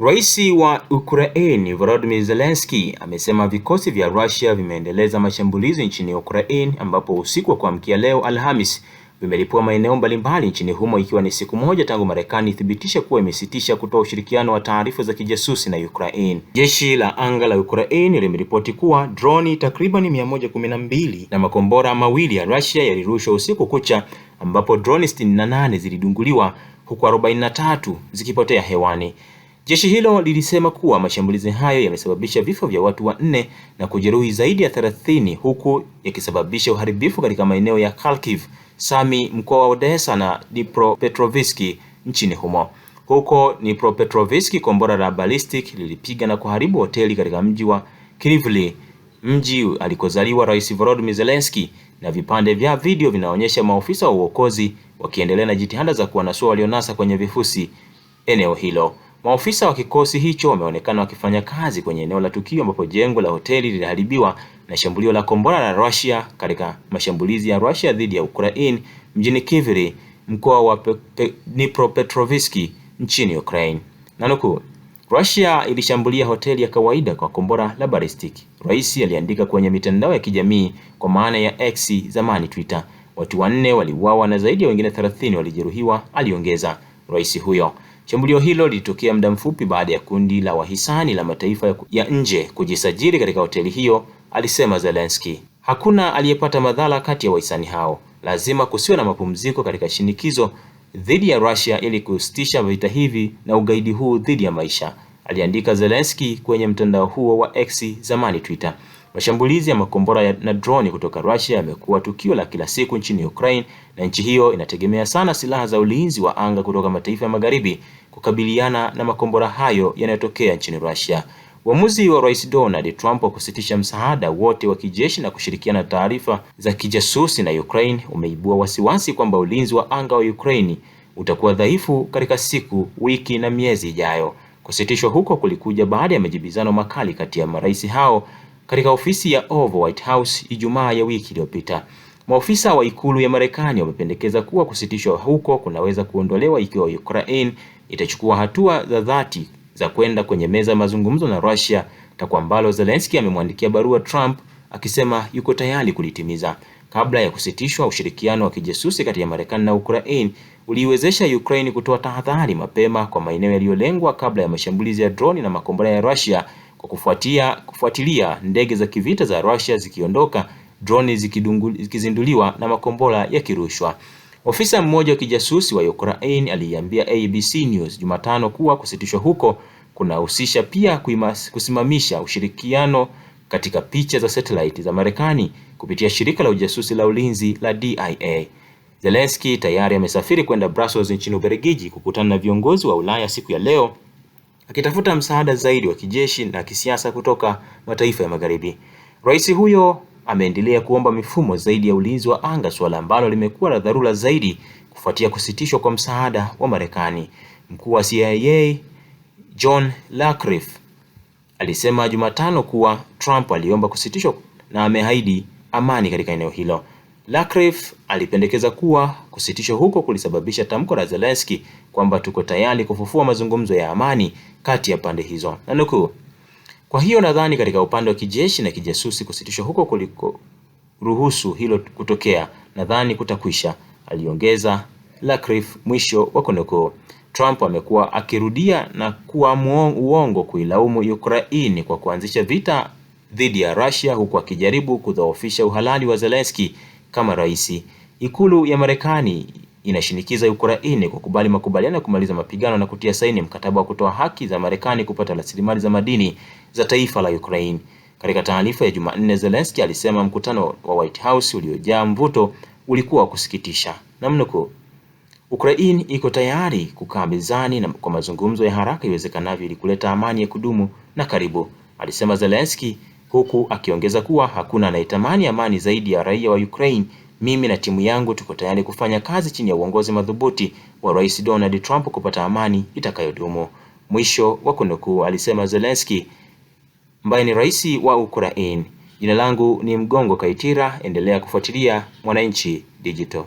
Rais wa Ukraine Volodymyr Zelensky amesema vikosi vya Russia vimeendeleza mashambulizi nchini Ukraine ambapo usiku wa kuamkia leo Alhamis vimelipua maeneo mbalimbali nchini humo ikiwa ni siku moja tangu Marekani ithibitisha kuwa imesitisha kutoa ushirikiano wa taarifa za kijasusi na Ukraine. Jeshi la anga la Ukraine limeripoti kuwa droni takriban 112 na makombora mawili ya Russia yalirushwa usiku kucha ambapo droni 68 zilidunguliwa huku 43 zikipotea hewani. Jeshi hilo lilisema kuwa mashambulizi hayo yamesababisha vifo vya watu wanne na kujeruhi zaidi ya 30 huku yakisababisha uharibifu katika maeneo ya Kharkiv, Sami mkoa wa Odessa na Dnipropetrovsk nchini humo. Huko Dnipropetrovsk, kombora la ballistic lilipiga na kuharibu hoteli katika mji wa Kryvyi mji alikozaliwa Rais Volodymyr Zelensky, na vipande vya video vinaonyesha maofisa wa uokozi wakiendelea na jitihada za kuwanasua walionasa kwenye vifusi eneo hilo. Maofisa wa kikosi hicho wameonekana wakifanya kazi kwenye eneo la tukio ambapo jengo la hoteli liliharibiwa na shambulio la kombora la Russia katika mashambulizi ya Russia dhidi ya Ukraine mjini Kiviri, mkoa wa Dnipropetrovsk nchini Ukraine. Nanukuu, Russia ilishambulia hoteli ya kawaida kwa kombora la balistiki, rais aliandika kwenye mitandao ya kijamii kwa maana ya X, zamani Twitter. Watu wanne waliuawa na zaidi ya wengine 30 walijeruhiwa, aliongeza rais huyo. Shambulio hilo lilitokea muda mfupi baada ya kundi la wahisani la mataifa ya nje kujisajili katika hoteli hiyo, alisema Zelensky. Hakuna aliyepata madhara kati ya wahisani hao. Lazima kusiwe na mapumziko katika shinikizo dhidi ya Russia ili kusitisha vita hivi na ugaidi huu dhidi ya maisha, aliandika Zelensky kwenye mtandao huo wa X, zamani Twitter. Mashambulizi ya makombora na droni kutoka Russia yamekuwa tukio la kila siku nchini Ukraine na nchi hiyo inategemea sana silaha za ulinzi wa anga kutoka mataifa ya magharibi kukabiliana na makombora hayo yanayotokea nchini Russia. Uamuzi wa Rais Donald Trump wa kusitisha msaada wote wa kijeshi na kushirikiana taarifa za kijasusi na Ukraine umeibua wasiwasi kwamba ulinzi wa anga wa Ukraine utakuwa dhaifu katika siku, wiki na miezi ijayo. Kusitishwa huko kulikuja baada ya majibizano makali kati ya marais hao katika ofisi ya Oval White House Ijumaa ya wiki iliyopita. Maofisa wa ikulu ya Marekani wamependekeza kuwa kusitishwa huko kunaweza kuondolewa ikiwa Ukraine itachukua hatua za dhati za kwenda kwenye meza ya mazungumzo na Russia, takwa ambalo Zelensky amemwandikia barua Trump akisema yuko tayari kulitimiza. Kabla ya kusitishwa, ushirikiano wa kijasusi kati ya Marekani na Ukraine uliiwezesha Ukraine kutoa tahadhari mapema kwa maeneo yaliyolengwa kabla ya mashambulizi ya droni na makombora ya Russia kwa kufuatia, kufuatilia ndege za kivita za Russia zikiondoka, droni zikizinduliwa na makombora yakirushwa. Ofisa mmoja wa kijasusi wa Ukraine aliiambia ABC News Jumatano kuwa kusitishwa huko kunahusisha pia kuimas, kusimamisha ushirikiano katika picha za satellite za Marekani kupitia shirika la ujasusi la ulinzi la DIA. Zelensky tayari amesafiri kwenda Brussels nchini Ubelgiji kukutana na viongozi wa Ulaya siku ya leo akitafuta msaada zaidi wa kijeshi na kisiasa kutoka mataifa ya Magharibi. Rais huyo ameendelea kuomba mifumo zaidi ya ulinzi wa anga, suala ambalo limekuwa la dharura zaidi kufuatia kusitishwa kwa msaada wa Marekani. Mkuu wa CIA John Ratcliffe alisema Jumatano kuwa Trump aliomba kusitishwa na ameahidi amani katika eneo hilo. Lakref alipendekeza kuwa kusitishwa huko kulisababisha tamko la Zelensky kwamba tuko tayari kufufua mazungumzo ya amani kati ya pande hizo. Nanuku. kwa hiyo nadhani katika upande wa kijeshi na kijasusi kusitishwa huko kuliko ruhusu hilo kutokea, nadhani kutakwisha, aliongeza Lakref, mwisho wa kunukuu. Trump amekuwa akirudia na kuwa uongo kuilaumu Ukraini kwa kuanzisha vita dhidi ya Russia huku akijaribu kudhoofisha uhalali wa Zelensky kama rais. Ikulu ya Marekani inashinikiza Ukraine kukubali makubaliano ya kumaliza mapigano na kutia saini mkataba wa kutoa haki za Marekani kupata rasilimali za madini za taifa la Ukraine. Katika taarifa ya Jumanne, Zelensky alisema mkutano wa White House uliojaa mvuto ulikuwa wa kusikitisha. Namnuku, Ukraine iko tayari kukaa mezani na kwa mazungumzo ya haraka iwezekanavyo ili kuleta amani ya kudumu na karibu, alisema Zelensky huku akiongeza kuwa hakuna anayetamani amani zaidi ya raia wa Ukraine. Mimi na timu yangu tuko tayari kufanya kazi chini ya uongozi madhubuti wa Rais Donald Trump kupata amani itakayodumu. Mwisho wa kunukuu, alisema Zelensky ambaye ni rais wa Ukraine. Jina langu ni Mgongo Kaitira, endelea kufuatilia Mwananchi Digital.